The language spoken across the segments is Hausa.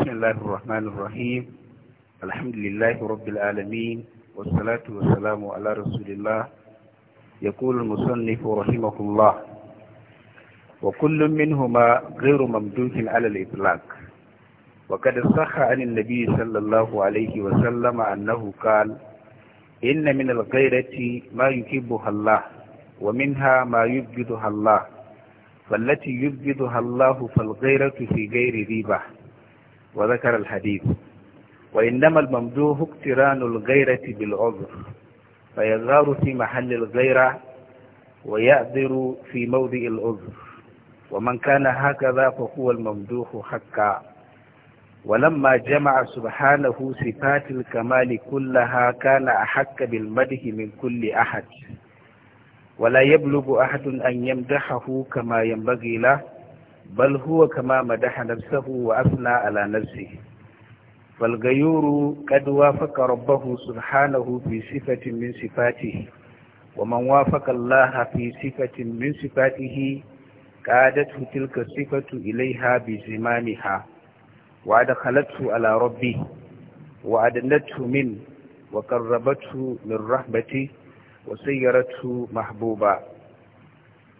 بسم الله الرحمن الرحيم الحمد لله رب العالمين والصلاة والسلام على رسول الله يقول المصنف رحمه الله وكل منهما غير ممدوح على الإطلاق وقد صح عن النبي صلى الله عليه وسلم أنه قال إن من الغيرة ما يحبها الله ومنها ما يبغضها الله فالتي يبغضها الله فالغيرة في غير ريبه وذكر الحديث وإنما الممدوح اقتران الغيرة بالعذر فيظهر في محل الغيرة ويأذر في موضع العذر ومن كان هكذا فهو الممدوح حقا ولما جمع سبحانه صفات الكمال كلها كان أحق بالمدح من كل أحد ولا يبلغ أحد أن يمدحه كما ينبغي له بل هو كما مدح نفسه وأثنى على نفسه فالغيور قد وافق ربه سبحانه في صفة من صفاته ومن وافق الله في صفة من صفاته قادته تلك الصفة إليها بزمانها وأدخلته على ربه وأدنته منه وقربته من رحمته وسيرته محبوبا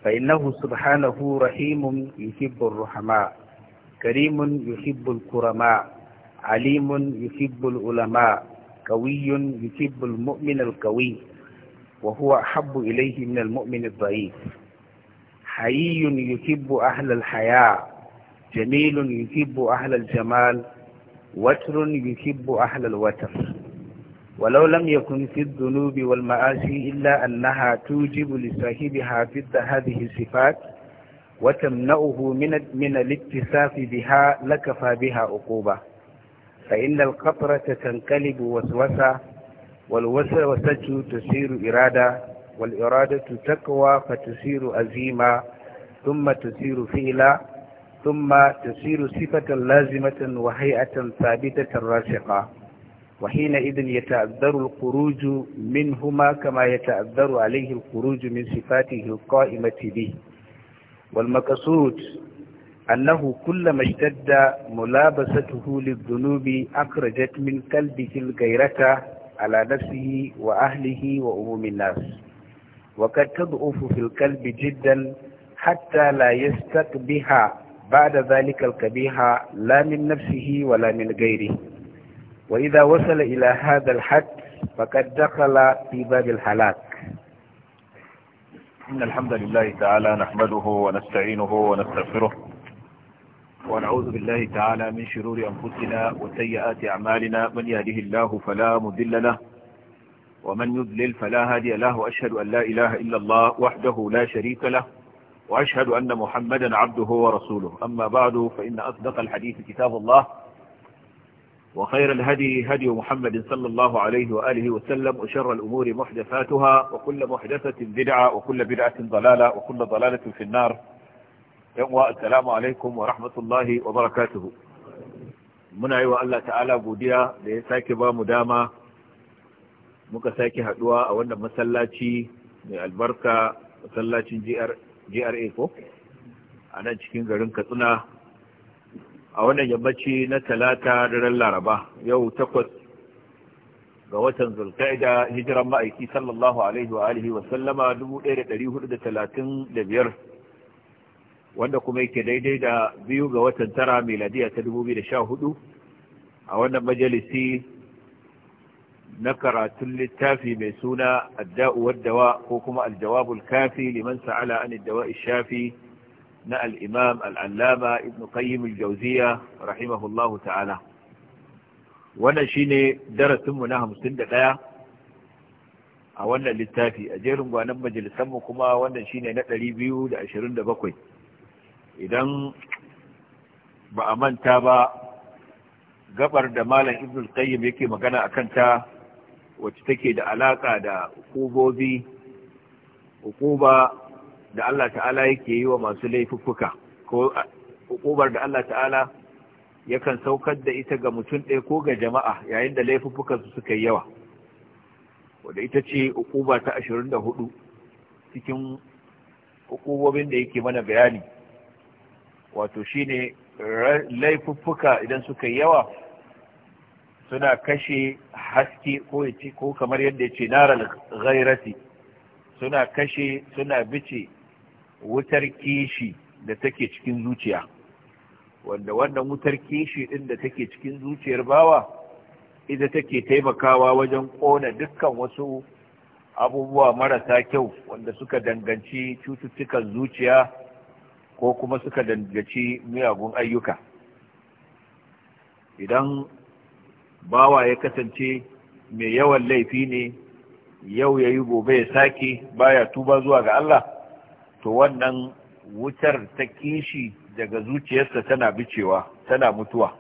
فإنه سبحانه رحيم يحب الرحماء كريم يحب الكرماء عليم يحب العلماء قوي يحب المؤمن القوي وهو أحب إليه من المؤمن الضعيف حيي يحب أهل الحياء جميل يحب أهل الجمال وتر يحب أهل الوتر ولو لم يكن في الذنوب والمعاصي إلا أنها توجب لصاحبها ضد هذه الصفات وتمنعه من من الاتصاف بها لكفى بها عقوبة فإن القطرة تنقلب وسوسة والوسوسة تصير إرادة والإرادة تقوى فتصير عزيمة ثم تصير فعلا ثم تصير صفة لازمة وهيئة ثابتة راسخة وحينئذ يتأذر الخروج منهما كما يتأذر عليه الخروج من صفاته القائمة به والمقصود أنه كلما اشتد ملابسته للذنوب أخرجت من قلبه الغيرة على نفسه وأهله وأموم الناس وقد تضعف في القلب جدا حتى لا يستقبها بعد ذلك القبيح لا من نفسه ولا من غيره وإذا وصل إلى هذا الحد فقد دخل في باب الحلاك إن الحمد لله تعالى نحمده ونستعينه ونستغفره ونعوذ بالله تعالى من شرور أنفسنا وسيئات أعمالنا من يهده الله فلا مذل له ومن يذلل فلا هادي له وأشهد أن لا إله إلا الله وحده لا شريك له وأشهد أن محمدا عبده ورسوله أما بعد فإن أصدق الحديث كتاب الله وخير الهدي هدي محمد صلى الله عليه وآله وسلم وشر الأمور محدثاتها وكل محدثة بدعة وكل بدعة ضلالة وكل ضلالة في النار السلام عليكم ورحمة الله وبركاته muna yi wa Allah ta'ala godiya da ya sake ba mu dama muka sake haduwa a wannan masallaci mai albarka masallacin GRA ko a nan cikin garin Katsina a wannan yammaci na talata daren laraba yau takwas ga watan zulkaida hijiran ma'aiki sallallahu alaihi wa alihi wa sallama 1435 wanda kuma yake daidai da biyu ga watan tara meladiya ta 2014 a wannan majalisi na karatun littafi mai suna adda'uwar dawa ko kuma aljawabul kafi liman sa'ala an dawa'i shafi na al'imam al'allama ibn qayyim al-jauziya rahimahullahu ta'ala wannan shine darasinmu na hamsin da a wannan littafi a jerin gwanon majalisanmu kuma wannan shine na ɗari biyu da ashirin da bakwai idan ba a manta ba gabar da malam ibn qayyim yake magana a kanta wacce take da alaƙa da hukubobi hukuba da Allah ta'ala yake yi wa masu laifuffuka ko hukubar da Allah ta'ala yakan saukar da ita ga mutum ɗaya ko ga jama'a yayin da laifuffukan su suka yi yawa wadda ita ce hukuba ta 24 cikin hukubobin da yake mana bayani wato shine laifuffuka idan suka yi yawa suna kashe haske ko ko kamar yadda ya ce naral suna kashe suna bice wutar kishi da take cikin zuciya wanda wannan wutar kishi din da take cikin zuciyar bawa ita take taimakawa wajen kona dukkan wasu abubuwa marasa kyau wanda suka danganci cututtukan zuciya ko kuma suka danganci miyagun ayyuka idan bawa ya kasance mai yawan laifi ne yau ya yi gobe ya sake baya tuba zuwa ga Allah to wannan wutar ta kishi daga zuciyarsa tana bicewa tana mutuwa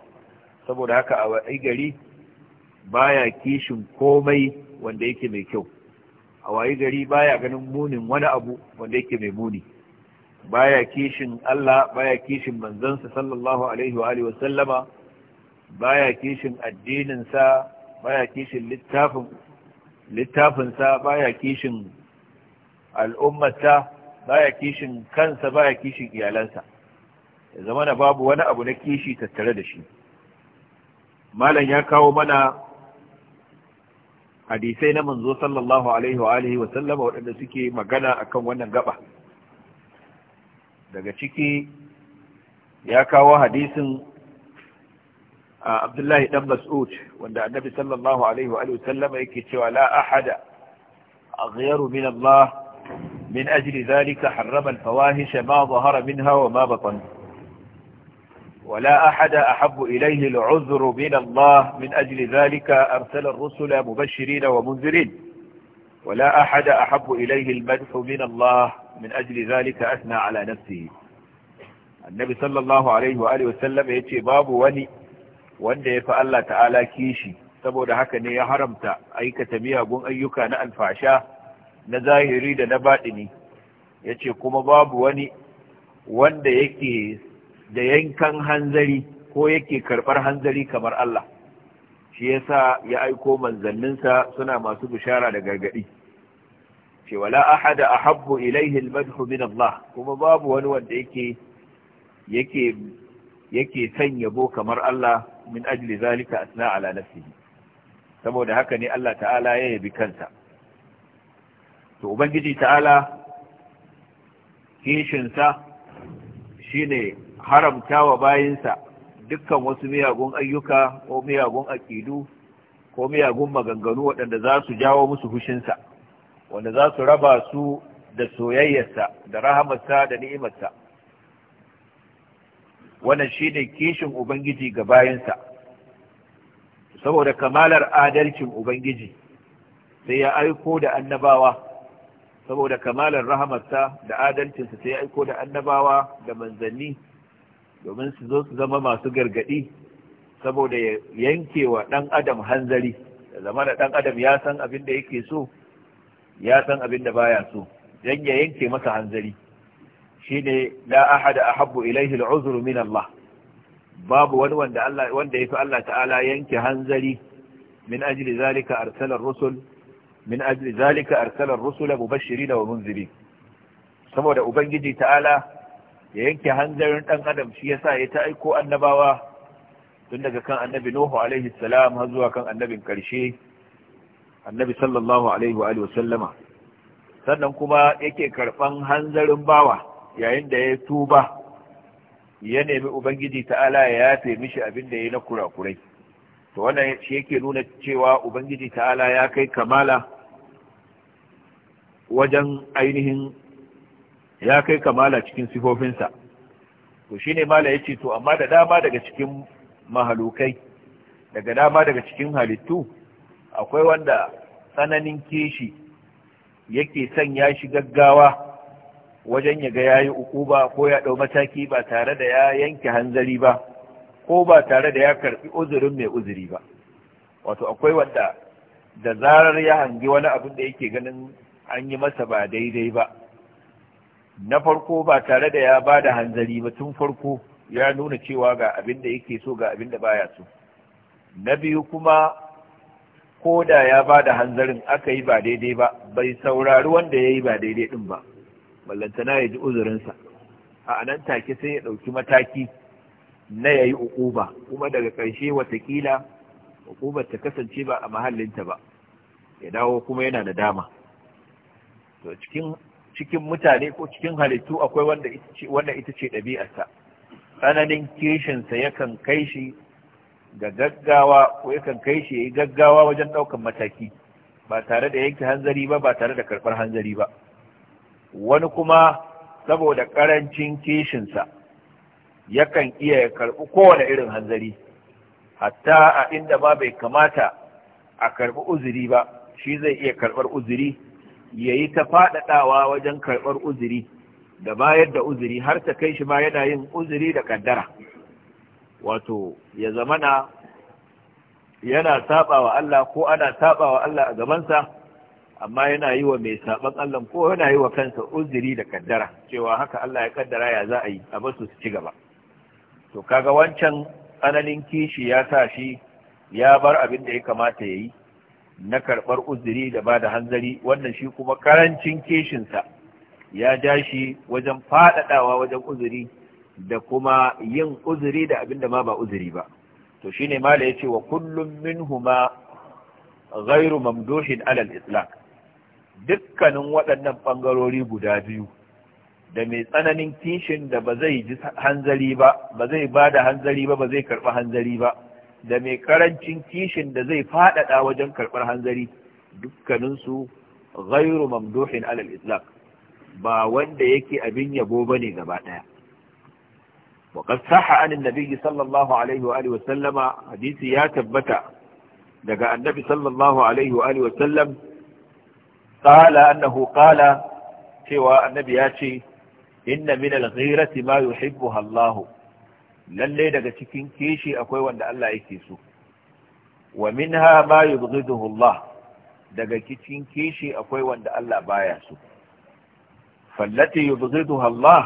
saboda haka a wa'i gari baya kishin komai wanda yake mai kyau a wa'i gari baya ganin munin wani abu wanda yake mai muni baya kishin Allah baya kishin manzansa sallallahu alaihi wa alihi wa sallama baya kishin addininsa baya kishin littafin littafinsa baya kishin al'ummata baya kishin kansa baya kishin iyalansa ya zama na babu wani abu na kishi tattare da shi malam ya kawo mana hadisai na manzo sallallahu alaihi wa alihi wa sallama waɗanda suke magana akan wannan gaba daga ciki ya kawo hadisin a Abdullahi dan Mas'ud wanda Annabi sallallahu alaihi wa alihi wa sallama yake cewa la ahada aghyaru min Allah من أجل ذلك حرم الفواهش ما ظهر منها وما بطن ولا أحد أحب إليه العذر من الله من أجل ذلك أرسل الرسل مبشرين ومنذرين ولا أحد أحب إليه المدح من الله من أجل ذلك أثنى على نفسه النبي صلى الله عليه وآله وسلم يتي باب وني وني فألا تعالى كيشي سبو kishi saboda حرمت ne ya haramta أيك miyagun ayyuka na zahiri da na baɗini ya ce kuma babu wani wanda yake da yankan hanzari ko yake karɓar hanzari kamar Allah shi ya sa ya aiko manzanninsa suna masu bishara da gargaɗi ce wala ahada ahabbu ilaihi almadhu min Allah kuma babu wani wanda yake yake yake san yabo kamar Allah min ajli zalika asna ala nafsihi saboda haka ne Allah ta'ala ya yabi kansa to ubangiji ta'ala kishinsa shine haramta wa bayinsa dukkan wasu miyagun ayyuka ko miyagun aƙidu ko miyagun maganganu waɗanda za su jawo musu hushinsa wanda za su raba su da soyayyarsa da rahamarsa da ni'imarsa wannan shine kishin ubangiji ga bayinsa saboda kamalar adalcin ubangiji sai ya aiko da annabawa saboda kamalar rahamarsa da adalcinsa sai aiko da annabawa da manzanni domin su zo su zama masu gargadi saboda ya yanke ɗan adam hanzari da zama da ɗan adam ya san abin da yake so ya san abin da baya so don ya yanke masa hanzari Shi shine la ahada ahabbu ilaihi al'uzru min Allah babu wani wanda Allah wanda yafi Allah ta'ala yanke hanzari min ajli zalika arsala rusul min ajli zalika arsala ar-rusula mubashirin wa munzirin saboda ubangiji ta'ala ya yanke hanzarin ɗan adam shi yasa ya ta aiko annabawa tun daga kan annabi nuhu alaihi salam har zuwa kan annabin karshe annabi sallallahu alaihi wa sannan kuma yake karban hanzarin bawa yayin da ya tuba ya nemi ubangiji ta'ala ya yafe mishi abin da yi na kurakurai to wannan yake nuna cewa ubangiji ta'ala ya kai kamala wajen ainihin ya kai kamala cikin sifofinsa to shine mala yace to amma da dama daga cikin mahalukai daga dama daga cikin halittu akwai wanda tsananin kishi yake sanya shi gaggawa wajen yaga ga yayi ukuba ko ya ɗau mataki ba tare da ya yanke hanzari ba ko ba tare da ya karɓi uzurin mai uzuri ba wato akwai wanda da zarar ya hangi wani abin da yake ganin an yi masa ba daidai ba na farko ba tare da ya ba da hanzari ba tun farko ya nuna cewa ga abin da yake so ga abin da baya so na biyu kuma ko da ya ba da hanzarin aka yi ba daidai ba bai saurari wanda ya yi ba daidai din ba ballantana ya ji uzurinsa a nan take sai ya ɗauki mataki na yayi uquba kuma daga ƙarshe watakila uqubar ta kasance ba a mahallinta ba ya dawo kuma yana da dama to cikin cikin mutane ko cikin halittu akwai wanda ita ce wanda ita ce ɗabi'arsa tsananin kishinsa yakan kai shi ga gaggawa ko yakan kai shi yayi gaggawa wajen ɗaukar mataki ba tare da yanke hanzari ba ba tare da karbar hanzari ba wani kuma saboda ƙarancin sa. yakan iya ya karɓi kowane irin hanzari hatta a inda ba bai kamata a karɓi uzuri ba shi zai iya karɓar uzuri ya yi ta faɗaɗawa wajen karɓar uzuri da bayar da uzuri har ta kai shi ma yana yin uzuri da ƙaddara wato ya zamana yana saba wa Allah ko ana saba wa Allah a gabansa amma yana yi wa mai saɓan Allah ko yana yi wa kansa uzuri da kaddara cewa haka Allah ya kaddara ya za a yi a basu su ci gaba to kaga wancan tsananin kishi ya sa shi ya bar abin da ya kamata ya yi na karɓar uzuri da ba da hanzari wannan shi kuma karancin kishinsa ya ja shi wajen faɗaɗawa wajen uzuri da kuma yin uzuri da abin da ma ba uzuri ba to shi shine Malam ya ce wa kullum minhuma ghairu mamdoshin alal islam dukkanin waɗannan ɓangarori guda biyu da mai tsananin kishin da ba zai ji hanzari ba ba zai ba da hanzari ba ba zai karɓi hanzari ba da mai karancin kishin da zai faɗaɗa wajen karɓar hanzari dukkaninsu ghairu mamduhin alal islam ba wanda yake abin yabo ba ne gaba ɗaya وقد صح عن النبي صلى wa عليه وآله وسلم حديث يا تبتا دقى النبي صلى الله wa sallam, وسلم قال أنه cewa annabi ya ce. inna min al-ghirati ma yuhibbuha Allah lalle daga cikin kishi akwai wanda Allah yake so wa minha ma yubghiduhu Allah daga cikin kishi akwai wanda Allah baya so fallati yubghiduha Allah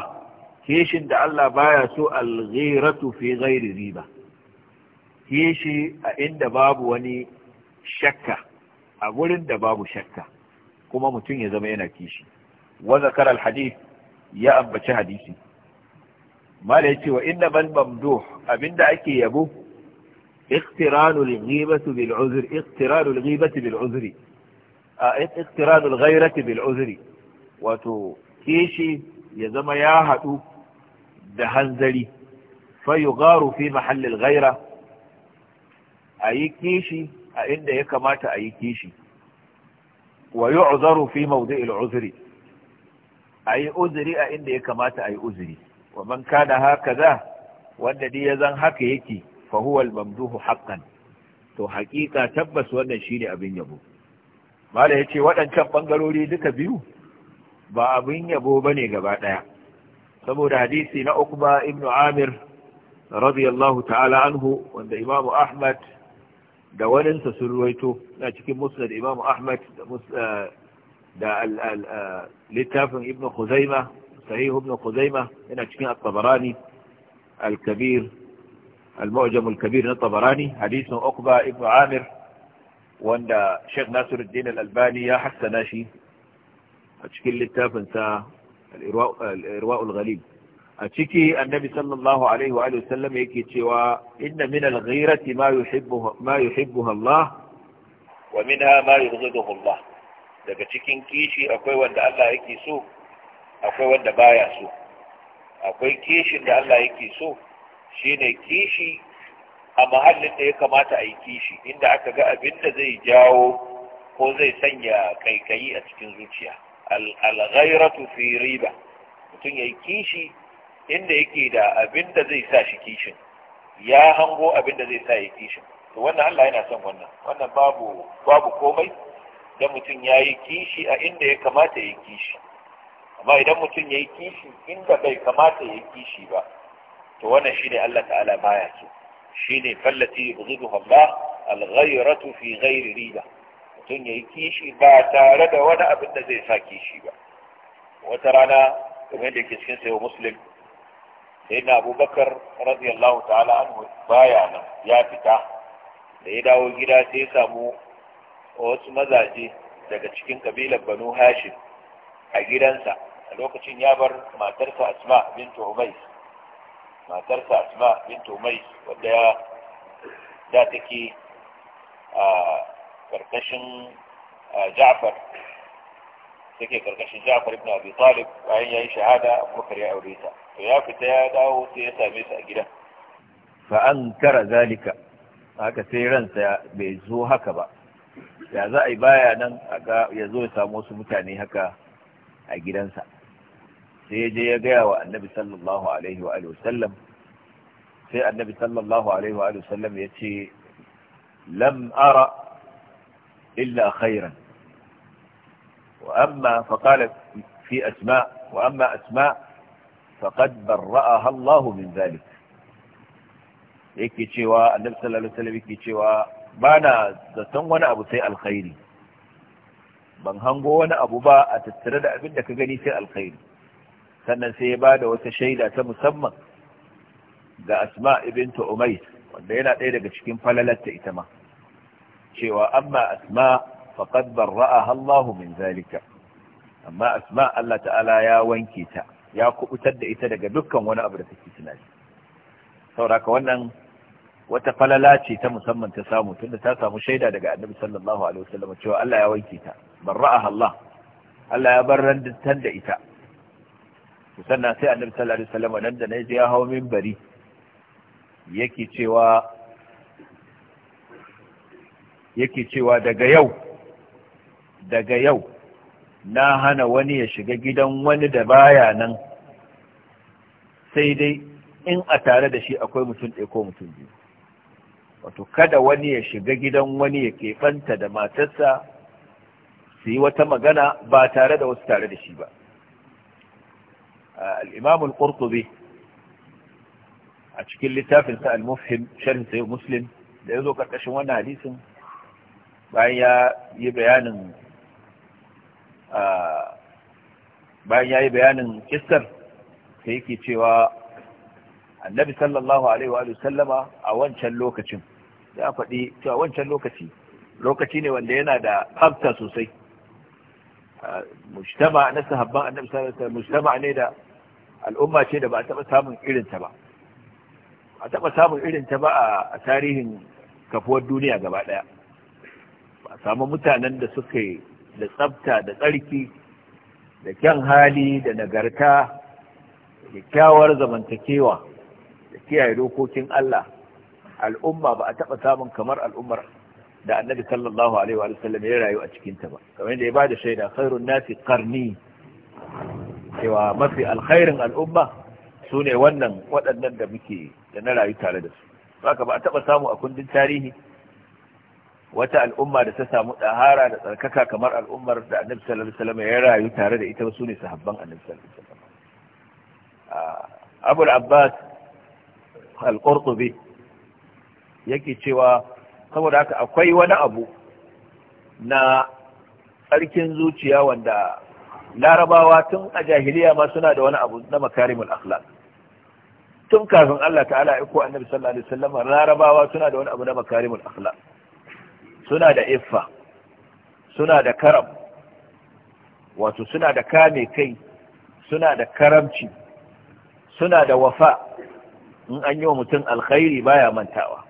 kishin da Allah baya so al-ghiratu fi ghairi riba kishi a inda babu wani shakka a gurin da babu shakka kuma mutum ya zama yana kishi wa zakara al-hadith ya ambaci hadisi mala yace wa inna bal mamduh abinda ake yabo iqtiranu iqtiranu bil uzri اقتران الغيبة بالعذر اقتران iqtiranu بالعذر اقتران الغيرة بالعذر wato kishi ya zama ya hadu da hanzari fayugaru fi mahallin gaira a yi kishi a inda ya kamata a kishi wa yi fi maudu'il uzuri a yi uzuri a inda ya kamata a yi uzuri wa man kana haka za wanda dai ya zan haka yake fa huwa al-mamduhu haqqan to haƙiƙa tabbas wannan shine abin yabo mala yace waɗancan bangarori duka biyu ba abin yabo bane gaba daya saboda hadisi na Uqba Ibnu Amir radiyallahu ta'ala anhu wanda Imam Ahmad da waninsa sun ruwaito na cikin Musnad Imam Ahmad eh, ده آه، لتاف ابن خزيمة صحيح ابن خزيمة من أجمع الطبراني الكبير المعجم الكبير الطبراني حديث أقبى ابن عامر وعند شيخ ناصر الدين الألباني يا حسن ناشي أشكل لتاف انسى الإرواء, الإرواء الغليل النبي صلى الله عليه وآله وسلم يكي إن من الغيرة ما يحبها, ما يحبها الله ومنها ما يغضبه الله daga cikin kishi akwai wanda Allah yake so akwai wanda baya so akwai kishin da Allah yake so shine kishi a mahallin da ya kamata a yi kishi inda aka ga abin da zai jawo ko zai sanya kaikayi a cikin zuciya al-ghairatu fi riba mutum yayi kishi inda yake da abin da zai sa shi kishin ya hango abin da zai sa ya kishin to wannan Allah yana son wannan wannan babu babu komai Idan mutum ya yi kishi a inda ya kamata ya yi kishi amma idan mutum ya yi kishi inda bai kamata ya yi kishi ba to wannan shine Allah ta'ala baya so shine fallati yughidhu Allah al fi ghayri riba mutum ya yi kishi ba tare da wani abin da zai sa kishi ba wata rana kamar da ke cikin sayo muslim sai na abubakar radiyallahu ta'ala anhu baya nan ya fita da ya dawo gida sai ya samu wasu mazaje daga cikin kabilar banu hashim a gidansa a lokacin ya bar matarsa asma bintu umais matarsa asma bintu umais wadda ya da take a karkashin ja'far take karkashin ja'far ibn abi talib bayan yayi shahada abubakar ya aure ta to ya fita ya dawo sai ya same su a gidan fa ankara zalika haka sai ransa bai zo haka ba ya za a yi baya nan ya zo ya samu wasu mutane haka a gidansa sai ya je ya gaya wa annabi sallallahu alaihi wa alihi wasallam sai annabi sallallahu alaihi wa alihi wasallam ya ce lam ara illa khairan wa amma fa وأما fi asma wa amma asma faqad barra'aha الله min zalik yake cewa annabi sallallahu alaihi wasallam yake cewa bana zaton wani abu sai alkhairi ban hango wani abu ba a tattare da abin da ka gani sai alkhairi sannan sai ya bada wata shaida ta musamman ga asma ibntu umayr wanda yana ɗaya daga cikin falalarta ita ma cewa amma asma faqad barra'aha Allah min zalika amma asma Allah ta'ala ya wanke ta ya kubutar da ita daga dukkan wani abu da take tunani saboda wannan wata falala ce ta musamman ta samu tunda ta samu shaida daga annabi sallallahu alaihi wasallam cewa Allah ya wanke ta barra'aha Allah Allah ya bar barrantar da ita sannan sai annabi sallallahu alaihi wasallam nan da naji ya hawo minbari yake cewa yake cewa daga yau daga yau na hana wani ya shiga gidan wani da baya nan sai dai in a tare da shi akwai mutum ɗaya ko mutum biyu wato kada wani ya shiga gidan wani ya fanta da matarsa su yi wata magana ba tare da wasu tare da shi ba ah, al'imamul ƙurtubi a cikin littafinsa al-mufhim sharin sayi muslim da ya zo ƙarƙashin wannan hadisin bayan ya yi bayanin ah, bayan ya yi bayanin kistar sai yake cewa annabi sallallahu alaihi wa sallama a wancan lokacin a faɗi cewa wancan lokaci lokaci ne wanda yana da hafta sosai mujtama na sahabban annabi sallallahu alaihi mujtama ne da al'umma ce da ba a taɓa samun irin ta ba a taɓa samun irin ta ba a tarihin kafuwar duniya gaba ɗaya ba a samu mutanen da yi da tsafta da tsarki da kyan hali da nagarta da kyawar zamantakewa da kiyaye dokokin Allah al'umma ba a taɓa samun kamar al'ummar da annabi sallallahu alaihi wa sallam ya rayu a cikinta ba kamar yadda ya bada shaida khairun nasi karni cewa mafi alkhairin al'umma su ne wannan waɗannan da muke da na rayu tare da su haka ba a taɓa samu a kundin tarihi wata al'umma da ta samu ɗahara da tsarkaka kamar al'ummar da annabi sallallahu alaihi wasallam ya rayu tare da ita ba su ne sahabban annabi sallallahu alaihi wasallam ah, abul abbas al-qurtubi yake cewa saboda haka akwai wani abu na tsarkin zuciya wanda larabawa tun a jahiliya ma suna da wani abu na makarimul akhlaq tun kafin Allah ta'ala ya ko annabi sallallahu alaihi wasallam larabawa suna da wani abu na makarimul akhlaq suna da iffa suna da karam wato suna da kame kai suna da karamci suna da wafa in an yi wa mutum alkhairi baya mantawa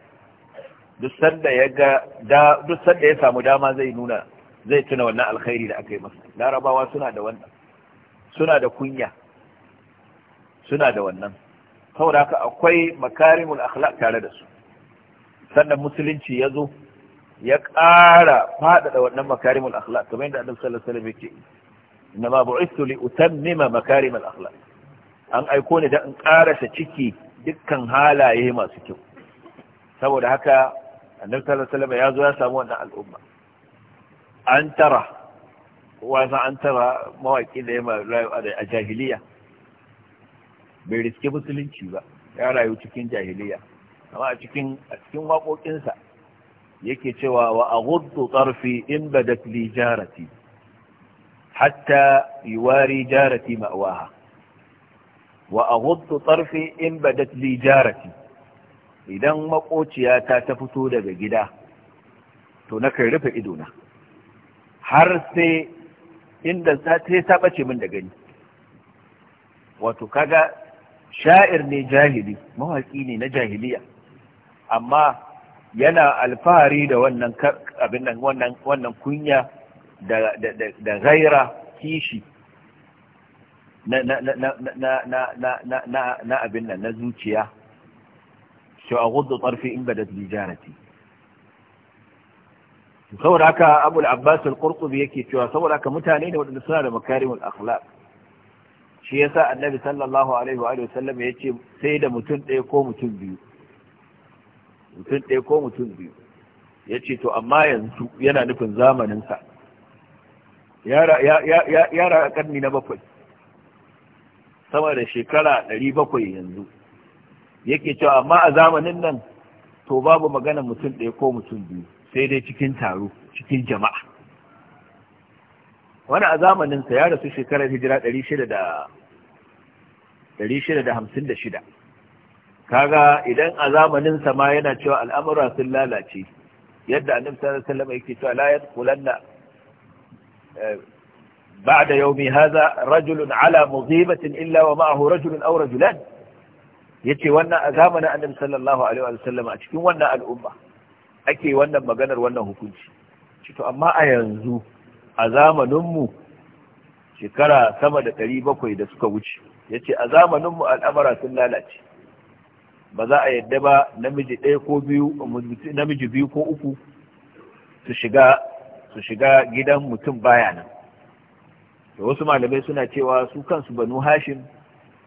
duk sanda ya samu dama zai nuna zai tuna wannan alkhairi da aka yi masa larabawa suna da wannan suna da kunya suna da wannan saboda haka akwai makarimul akhlaq tare da su sannan musulunci ya zo ya ƙara faɗaɗa wannan makarimul akhlaq kamar yadda annabi sallallahu alaihi wasallam yake inna ma bu'ithu li utammima makarimul akhlaq an aiko ne da in ta ciki dukkan halaye masu kyau saboda haka النبي صلى الله عليه وسلم يا زوا سامونا الأمة أن ترى وأنا أن ترى ما يكيد ما لا جاهلية بيرسكي مسلم شيبا يا رأي تكين جاهلية أما تكين تكين ما هو إنسان يكي توا وأغض طرفي إن بدت لي جارتي حتى يواري جارتي مأواها وأغض طرفي إن بدت لي جارتي idan makociyata ta fito daga gida to na kai rufe idona har sai inda sai ta bace min da gani wato kaga sha'ir ne jahili mawaki ne na jahiliya amma yana alfahari da wannan abin wannan wannan kunya da da da gaira kishi na na na na na na na abin nan na zuciya shi a gudu tsarfi in badat lijarati saboda haka abul abbas al-qurtubi yake cewa saboda haka mutane ne waɗanda suna da makarimul akhlaq shi yasa annabi sallallahu alaihi wa alihi wasallam yace sai da mutum ɗaya ko mutum biyu mutum ɗaya to amma yanzu yana nufin zamanin yara ya na bakwai sama da shekara 700 yanzu yake cewa amma a zamanin nan to babu magana mutum ɗaya ko mutum biyu sai dai cikin taro cikin jama'a wani a zamaninsa ya rasu shekarar hijira 656 kaga idan a zamaninsa ma yana cewa al'amura sun lalace yadda annabi sallallahu alaihi wasallam yake cewa la yadkhulanna eh, ba'da yawmi hadha rajulun ala muzibatin illa wa ma'ahu rajulun aw rajulan yace wannan a zamanin annabi sallallahu alaihi wa sallama, a cikin wannan al'umma ake wannan maganar wannan hukunci Cito to amma a yanzu a zamanin mu shekara sama da 700 da suka wuce yace a zamanin mu al'amara sun lalace ba za a yadda ba namiji ɗaya ko biyu namiji biyu ko uku su shiga su shiga gidan mutum baya nan da wasu malamai suna cewa su kansu banu hashim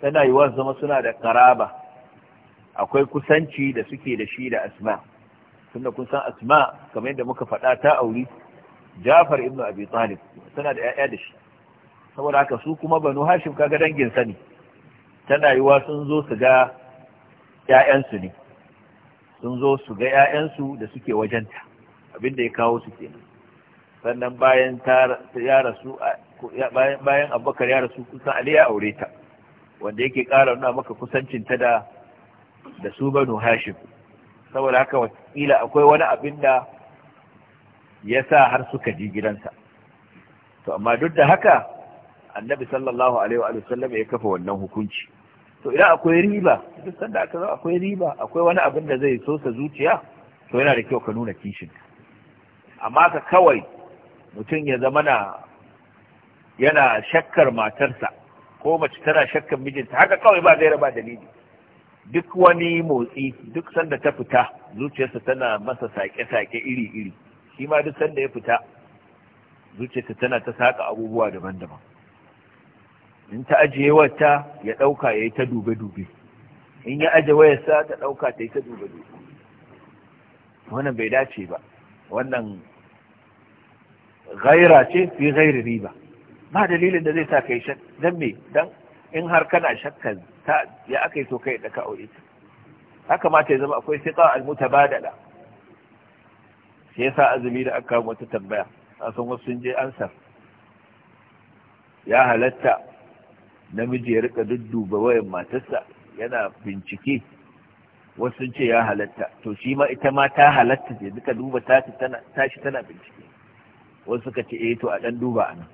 tana yiwa zama suna da karaba akwai kusanci da suke da shi da asma tunda kun san asma kamar yadda muka faɗa ta auri jafar Ibn abi talib tana da 'ya'ya da shi saboda haka su kuma banu hashim kaga dangin sani tana yiwa sun zo su ga 'ya'yansu ne sun zo su ga da suke wajenta abinda ya kawo su kenan sannan bayan ya rasu bayan abubakar ya rasu kusan ali ya aure ta wanda yake ƙara nuna maka kusancinta da da su banu hashim saboda haka wakila akwai wani abin da ya sa har suka ji gidansa to amma duk da haka annabi sallallahu alaihi wa sallam ya kafa wannan hukunci to idan akwai riba duk sanda aka zo akwai riba akwai wani abin da zai so sa zuciya to yana da kyau ka nuna kishin amma ka kawai mutum ya zama na yana shakkar matarsa ko mace tana shakkar mijinta haka kawai ba zai raba dalili duk wani motsi duk sanda ta fita zuciyarsa tana masa sake-sake iri-iri shi ma duk sanda ya fita zuciyarsa tana ta saka abubuwa daban-daban in ta ajiye wata ya ɗauka ya yi ta dube-dube in ya aje wayarsa ta ɗauka ta yi ta dube-dube wannan bai dace ba wannan gaira ce fi gairi riba ba dalilin da zai sa kai shan dan me dan in har kana shakkan ta ya aka yi so kai da ka aure ta haka ma ya zama akwai siqa da. sai yasa azumi da aka wata tambaya a san wasu sun je ansa. ya halatta namiji ya rika dudduba wayan matarsa yana bincike wasu sun ce ya halatta to shi ma ita ma ta halatta ce duka duba tashi tana tashi tana bincike wasu suka ce eh to a dan duba anan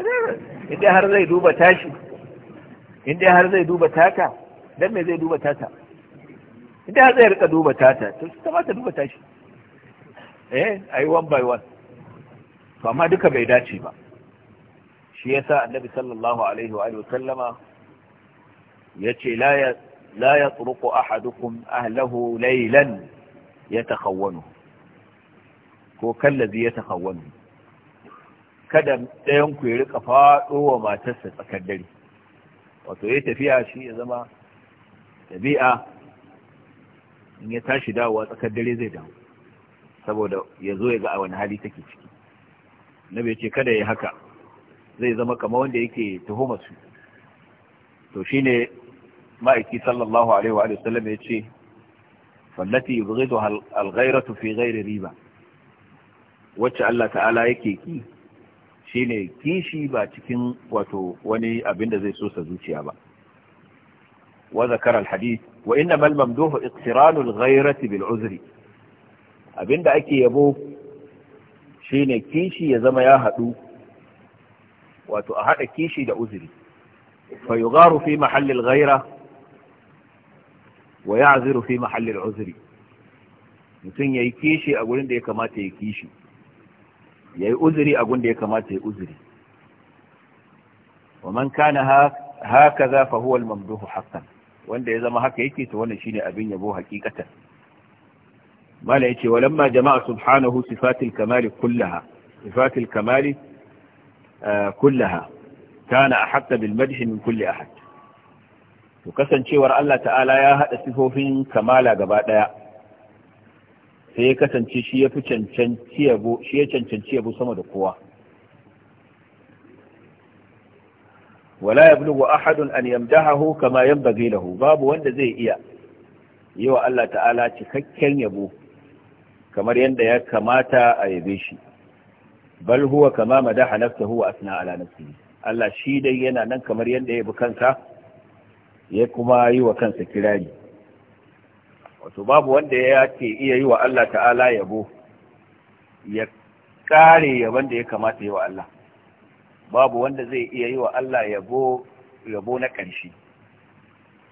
idan har zai duba tashi in dai har zai duba tata, don me zai duba tata in dai har zai rika duba tata to shi kamata duba tashi eh a yi one by one to amma duka bai dace ba shi ya sa annabi sallallahu alaihi wa alihi ya ce, la ya la yatruqu ahadukum ahlahu laylan yatakhawwanu ko kallazi ya yatakhawwanu kada ɗayan ku ya rika faɗo wa matarsa tsakar dare wato ya tafiya shi ya zama tabi'a in ya tashi dawowa tsakar dare zai dawo saboda ya zo ya ga a wani hali take ciki na bai ce kada ya haka zai zama kama wanda yake tuhuma su to shine ma'aiki sallallahu alaihi wa sallam ya ce fallati yubghidu al-ghayratu fi ghayri riba wacce Allah ta'ala yake ki shine kishi ba cikin wato wani abin da zai so sa zuciya ba wa zakara alhadith wa innama almamduhu iqtiranu alghayrati bil uzri abinda ake yabo shine kishi ya zama ya hadu wato a hada kishi da uzri fa yugharu fi mahalli alghayra wa ya'ziru fi mahalli aluzri mutum yayi kishi a gurin da ya kamata ya kishi ya yi uzuri abin da ya kamata ya uzuri wa man kana haka za fa huwa mamduhu haqqan wanda ya zama haka yake to wannan shine abin yabo hakikatan mala yace walamma jama'a subhanahu sifatil kamal kullaha sifatil kamal eh, kullaha kana ahqqa bil madh min kulli ahad to kasancewar Allah ta'ala ya hada sifofin kamala gaba daya sai ya kasance shi ya fi cancanci yabo shi ya cancanci yabo sama da kowa wala yablughu ahadun an yamdahahu kama yanbaghi lahu babu wanda zai iya wa Allah ta'ala cikakken yabo kamar yadda ya kamata a yabe shi bal huwa kama madaha nafsuhu wa asna ala nafsihi Allah shi dai yana nan kamar yadda ya bi kansa ya kuma yi wa kansa kirari wato babu wanda ya ke iya yi wa Allah ta'ala yabo ya kare yaban da ya kamata yi wa Allah babu wanda zai iya yi wa Allah yabo yabo na ƙarshe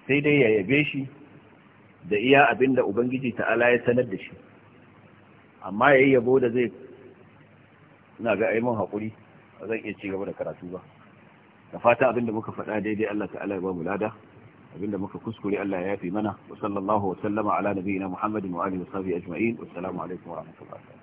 sai dai ya yabe shi da iya abin da Ubangiji ta'ala ya sanar da shi amma ya yi yabo da zai na ga aimin haƙuri ba zan iya ci gaba da karatu ba da fata abin da muka faɗa daidai Allah ta'ala ya ba mu lada أجل مكة كسكري ألا يأتي منه وصلى الله وسلم على نبينا محمد وآله وصحبه أجمعين والسلام عليكم ورحمة الله وبركاته